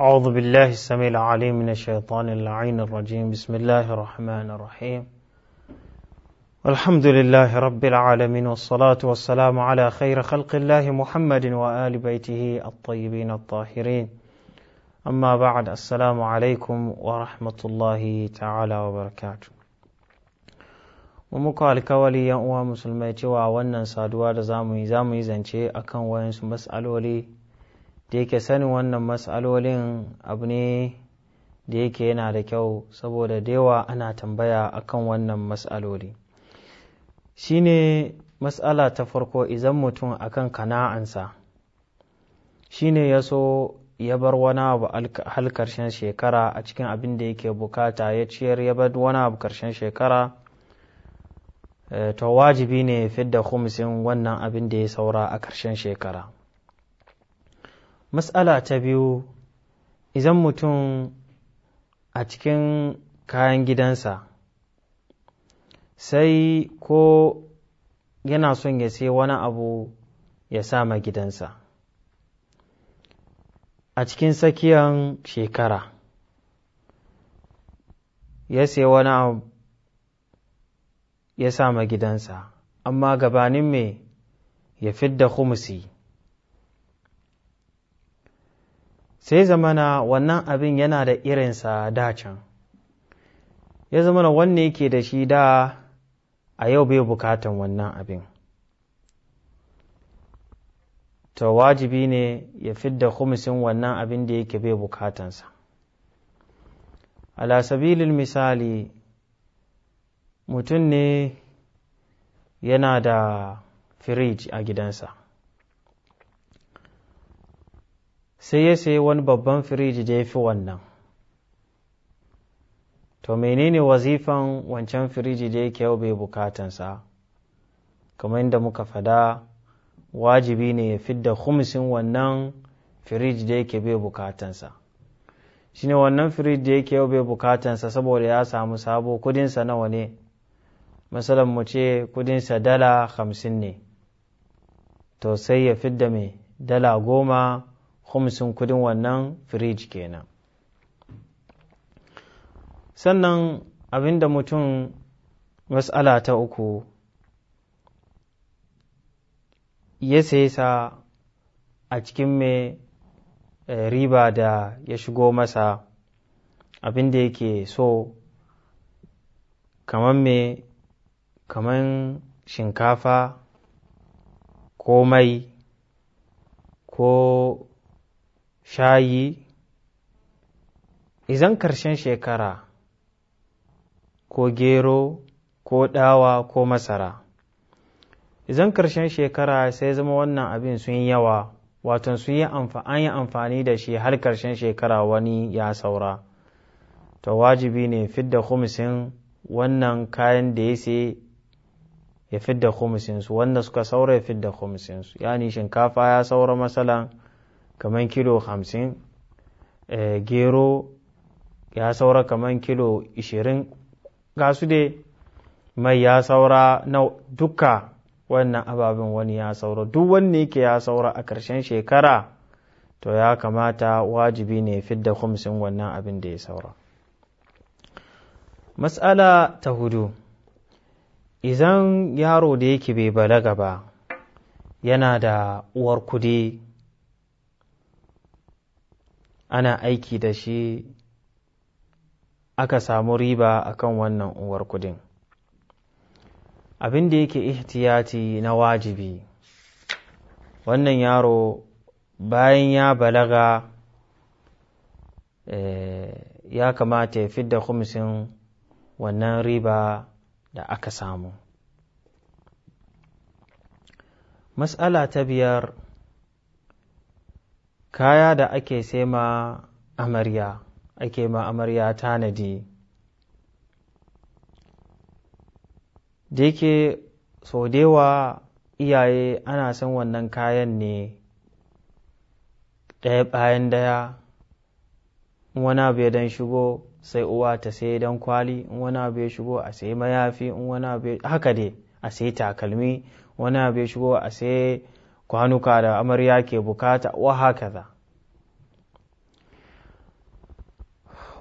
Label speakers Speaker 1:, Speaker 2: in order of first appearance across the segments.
Speaker 1: أعوذ بالله السميع العليم من الشيطان اللعين الرجيم بسم الله الرحمن الرحيم الحمد لله رب العالمين والصلاة والسلام على خير خلق الله محمد وآل بيته الطيبين الطاهرين أما بعد السلام عليكم ورحمة الله تعالى وبركاته ومقال كوالي يأوى أمم مسلمي جوا ونن cewa wannan زامي زنشي أكن وينس مسألولي da yake sanin wannan matsalolin abu ne da yake yana da kyau saboda da ana tambaya akan wannan matsaloli shine matsala ta farko idan mutum akan kana'ansa shine ya so ya bar wani abu hal karshen shekara a cikin abin da yake bukata ya ciyar ya bar wani abu karshen shekara eh, to wajibi ne ya fidda khumsin wannan abin da ya saura a karshen shekara matsala ta biyu idan mutum a cikin kayan gidansa sai ko yana son ya sai wani abu ya sama gidansa a cikin tsakiyan shekara ya sai wani abu ya sama gidansa amma gabanin mai ya fidda khumusi sai zamana wannan abin yana da irinsa dacan ya zamana wanne yake da shi da a yau bai bukatan wannan abin ta wajibi ne ya fidda kumisin wannan abin da yake bai bukatansa ala sabilin misali mutum ne yana da firij a gidansa sai ya sayi wani babban firiji da ya fi wannan to menene wazifan wancan firiji da yake yau bai bukatansa kamar yadda muka fada wajibi ne ya fidda khumsin wannan firiji da yake bai bukatansa shine wannan firiji da yake yau bai bukatansa saboda ya samu sabo kudinsa nawa ne masalan mu ce kudinsa dala hamsin ne to sai ya fidda mai dala goma khumsin kudin wannan firij kenan sannan abinda mutum matsala ta uku ya sa a cikin mai eh, riba da ya shigo masa abinda yake so kamar mai kamar shinkafa ko mai ko shayi izan karshen shekara ko gero ko dawa ko masara izan karshen shekara sai zama wannan abin sun yawa wato sun yi an yi amfani da shi har karshen shekara wani ya saura Ta wajibi ne fidda khumsin wannan kayan da ya ya fidda khumsin su wanda suka saura ya fidda khumsin yani shinkafa ya saura masalan kamar kilo hamsin eh, gero ya saura kamar kilo ishirin gasu dai mai ya saura na duka wannan ababen wani ya saura duk wanne yake ya saura a ƙarshen shekara to ya kamata wajibi ne fidda kumsin wannan abin da ya saura matsala ta hudu idan yaro da yake bai balaga ba yana da uwar kudi ana aiki da shi aka samu riba akan wannan uwar kudin abin da yake ihtiyati na wajibi wannan yaro bayan ya balaga eh, ya kamata ya fidda kumsin wannan riba da aka samu mas'ala ta biyar kaya da ake sai ma amarya ake ma amarya tanadi da yake sau iyaye ana san wannan kayan ne ɗaya bayan daya wani abu ya dan shigo sai uwa ta sai dan kwali in wani abu ya shigo a sai mayafi in wani abu haka dai a sai takalmi wani abu ya shigo a sai kwanuka da amarya ke bukata wa hakaza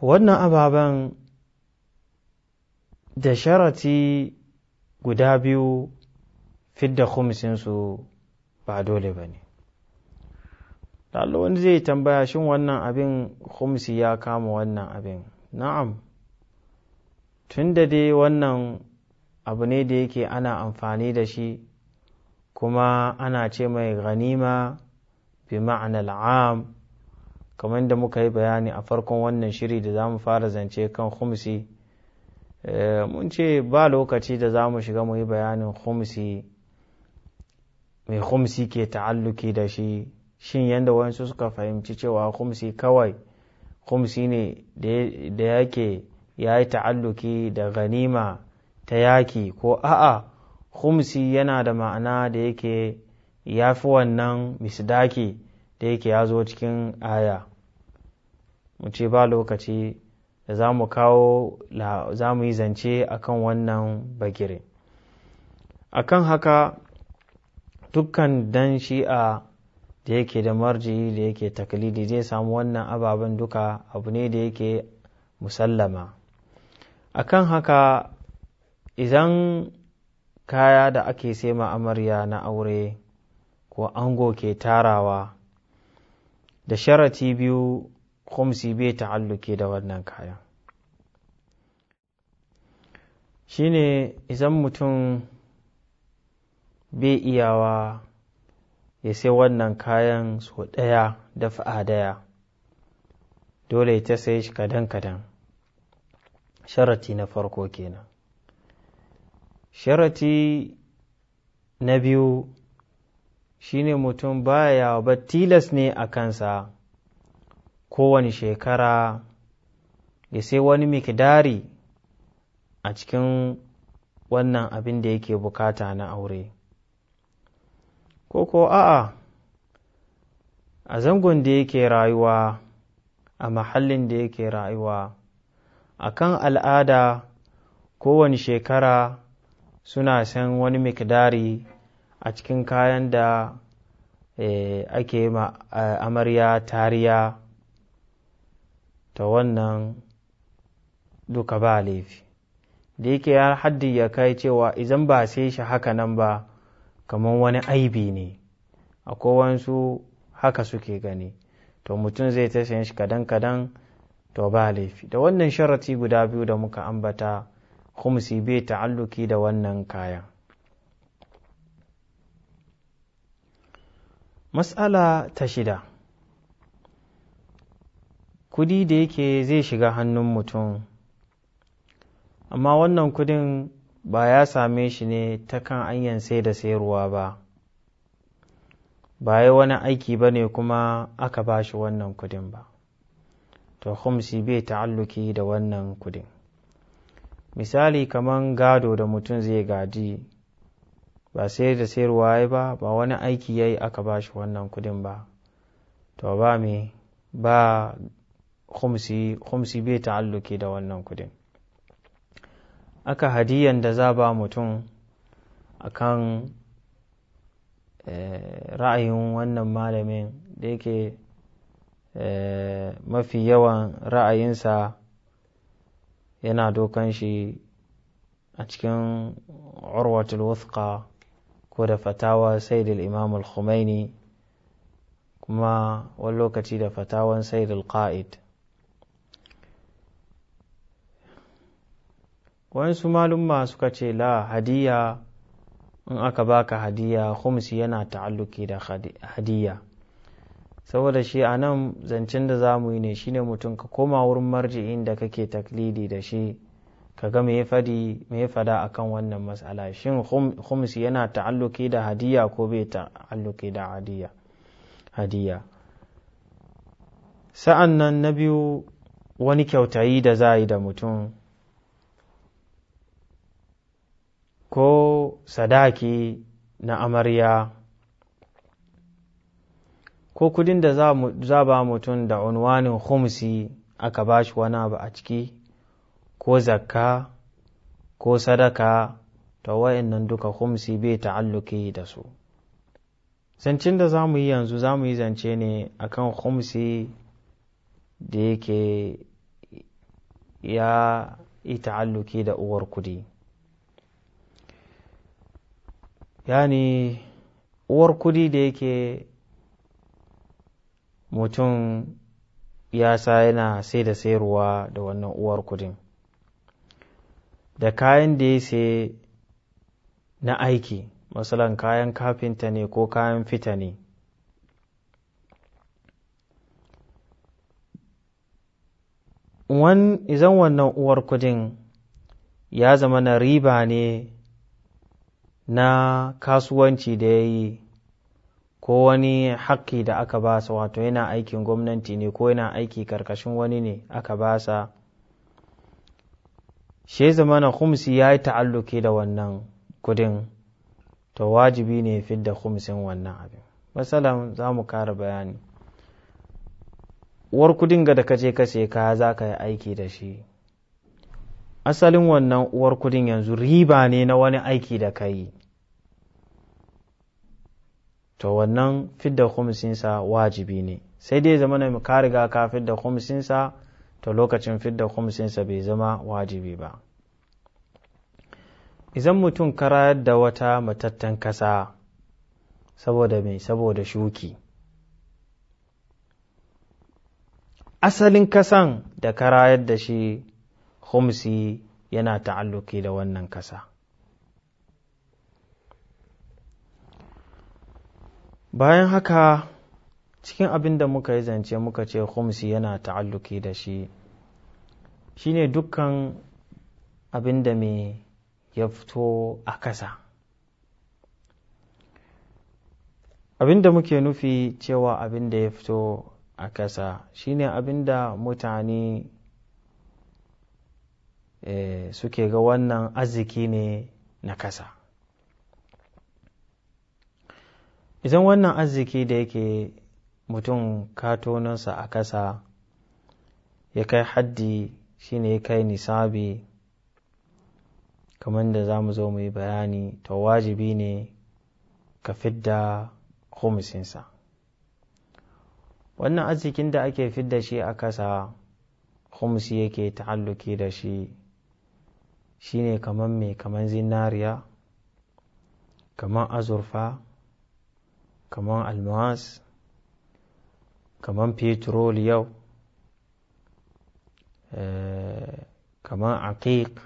Speaker 1: wannan ababen da sharati guda biyu fidda su ba dole ba ne wani zai tambaya shin wannan abin khumsi ya kama wannan abin na'am tun da dai wannan abu ne da yake ana amfani da shi kuma ana ce mai ganima bi ma'anar am kamar da muka yi bayani a farkon wannan shiri da za mu fara zance kan khumsi eh, mun ce ba lokaci da za mu shiga mu yi bayanin khumsi mai khumsi ke ta'alluki da shi shin yadda wasu suka fahimci cewa khumsi kawai khumsi ne da yake ya yi ta'alluki da ganima ta yaki ko a'a khumsi yana da ma'ana da yake ya fi wannan misdaki da yake ya zo cikin aya mu ce ba lokaci da za mu kawo za mu yi zance a kan wannan bagire kan haka dukkan dan shi'a da yake da marji da yake taklidi zai samu wannan ababen duka abu ne da yake musallama kan haka idan kaya da ake sai ma amarya na aure ko ango ke tarawa da sharati biyu kumsi bai ta'alluke da wannan kayan ne izan mutum bai iyawa ya sai wannan kayan so ɗaya da fa'adaya daya dole ta sai shi kadan-kadan sharati na farko kenan sharati na biyu shi ne mutum baya ba tilas ne a kansa kowane shekara ya sai wani mikidari a cikin wannan abin da yake bukata na aure ko ko a'a a zangon da yake rayuwa a mahallin da yake rayuwa a kan al'ada kowane shekara suna san wani mikdari a cikin kayan da eh, ake ma eh, amarya tariya ta wannan duka ba laifi da yake ya haddi ya kai cewa izan ba sai shi haka nan ba kamar wani aibi ne a kowansu haka suke gani to mutum zai ta shi kadan kadan to ba laifi da wannan sharati guda biyu da muka ambata khumusi bai ta'alluki da wannan kayan matsala ta shida kudi da yake zai shiga hannun mutum amma wannan kudin ba ya same shi ne ta kan anyan sai da sayarwa ba ba ya wani aiki ba ne kuma aka ba shi wannan kudin ba to khumsi bai ta'alluki da wannan kudin misali kaman gado da mutum zai gadi ba sayar da sayarwa ya ba ba wani aiki ya yi aka ba shi wannan kudin ba to ba me ba kumsi bai ta'alluki da wannan kudin aka hadiyan da za ba mutum a kan eh, ra'ayin wannan malamin da yake eh, mafi yawan ra'ayinsa yana dokan shi a cikin urwatul wuthqa ko da fatawa sayyid imam al-khumaini kuma wani lokaci da fatawan sayyid al-qa'id wasu malumma suka ce la hadiya in aka baka hadiya khumsi yana ta'alluki da hadiya saboda shi a nan zancen da za mu yi ne shine mutum ka koma wurin marji'in da kake taklidi da shi ka ga me ya fada a kan wannan matsala shin hums yana ta'alluki da hadiya ko bai ta'alluki da hadiya sa'an nan na biyu wani kyautayi da za yi da mutum ko sadaki na amarya ko kudin da za ba mutum da unwanin khumsi aka ba shi wani abu a ciki ko zakka ko sadaka to nan duka khumsi bai ta'alluki da su zancen da za mu yi yanzu za mu yi zance ne akan khumsi da yake ya yi ta'alluki da uwar kudi yani uwar kudi da yake mutum ya sa yana sai da sayarwa da wannan uwar kudin da kayan da ya sai na aiki masalan kayan kafinta ne ko kayan fita ne izan wannan uwar kudin ya zama na riba ne na kasuwanci da ya yi ko wani haƙƙi da aka ba basa wato yana aikin gwamnati ne ko yana aiki karkashin wani ne aka ba sa. shi na khumsi ya yi ta'alluke da wannan kudin to wajibi ne fi da khumsin wannan abin masalan za mu kara bayani uwar kudin ga da ka je ka kaya za ka yi aiki da shi asalin wannan uwar kudin yanzu riba ne na wani aiki da ka yi to wannan fidda humsinsa wajibi ne sai dai zama na ka riga ka fidda khumsinsa to lokacin fidda humsinsa bai zama wajibi ba Izan mutum karayar da wata matattan kasa saboda mai saboda shuki asalin kasan da karayar da shi khumsi yana ta'alluki da wannan kasa bayan haka cikin abin da muka yi zance muka ce khumsi yana ta'alluki da shi shine dukkan abin da mai ya fito a kasa abin da muke nufi cewa abin da ya fito a kasa shine abin da mutane eh, suke ga wannan arziki ne na kasa idan wannan arziki da yake mutum katonansa a kasa ya kai haddi shi ne ya kai nisabi kamar da za mu zo mu yi bayani to wajibi ne ka fidda humusinsa wannan arzikin da ake fidda shi a kasa humsi yake ta'alluki da shi shi ne kamar mai kamar zinariya kamar azurfa kamar almas kamar petrol yau eh, kamar aqiq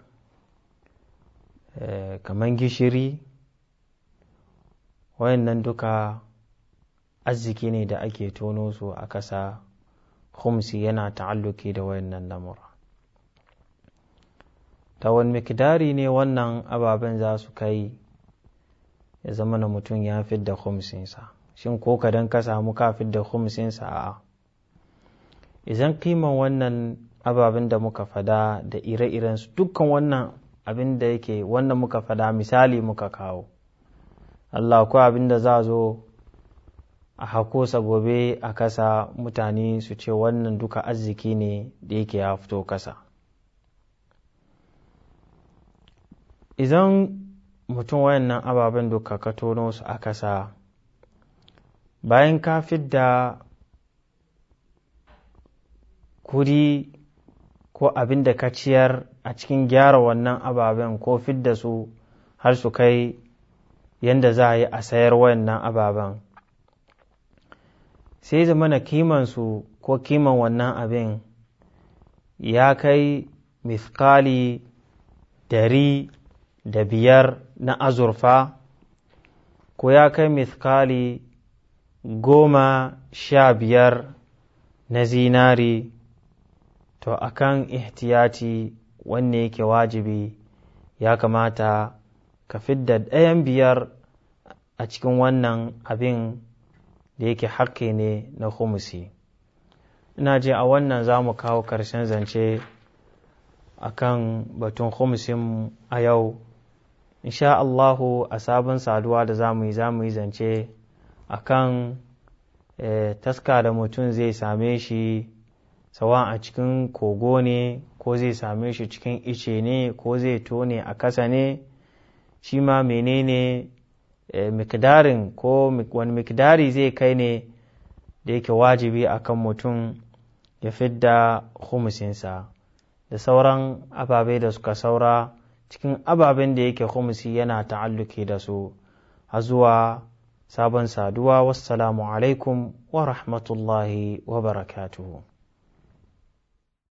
Speaker 1: eh, kamar gishiri wayannan duka arziki ne da ake tono su a ƙasa khumsi yana ta'alluki da wayannan lamura ta wani mikidari ne wannan ababen za su kai ya zama na mutum ya fi fidda sa shin ko kadan ka samu ka da khumsinsa a izan kiman wannan ababen da muka fada da ire-iren su dukkan wannan abin da yake wannan muka fada misali muka kawo Allah ko abin da za zo a hako gobe a kasa mutane su ce wannan duka arziki ne da yake ya fito kasa izan. mutum wayannan ababen duka ka tono su a ƙasa bayan ka fidda kuri ko abin da ka ciyar a cikin gyara wannan ababen ko fidda su har su kai yadda za a yi a sayar wayannan ababen sai zamana kimansu ko kiman wannan abin ya kai miskali dari da biyar na azurfa ko ya kai mithkali goma sha biyar na zinari to akan ihtiyati wanne yake wajibi ya kamata ka fidda ɗayan biyar a cikin wannan abin da yake haƙƙi ne na humusi ina je a wannan za mu kawo ƙarshen zance akan batun humusin a yau insha Allahu a sabon saduwa da zamu yi zamu yi zance a kan eh, taska da mutum zai same shi sawa a cikin kogo ne ko zai same shi cikin ice ne ko zai tone a kasa ne shi ma menene eh, mikdarin ko wani mikdari zai kai ne da yake wajibi a kan mutum ya fidda humusinsa da sauran ababe da suka saura cikin ababen da yake khumusi yana ta'alluki da su a zuwa sabon saduwa wassalamu alaikum wa rahmatullahi wa barakatuhu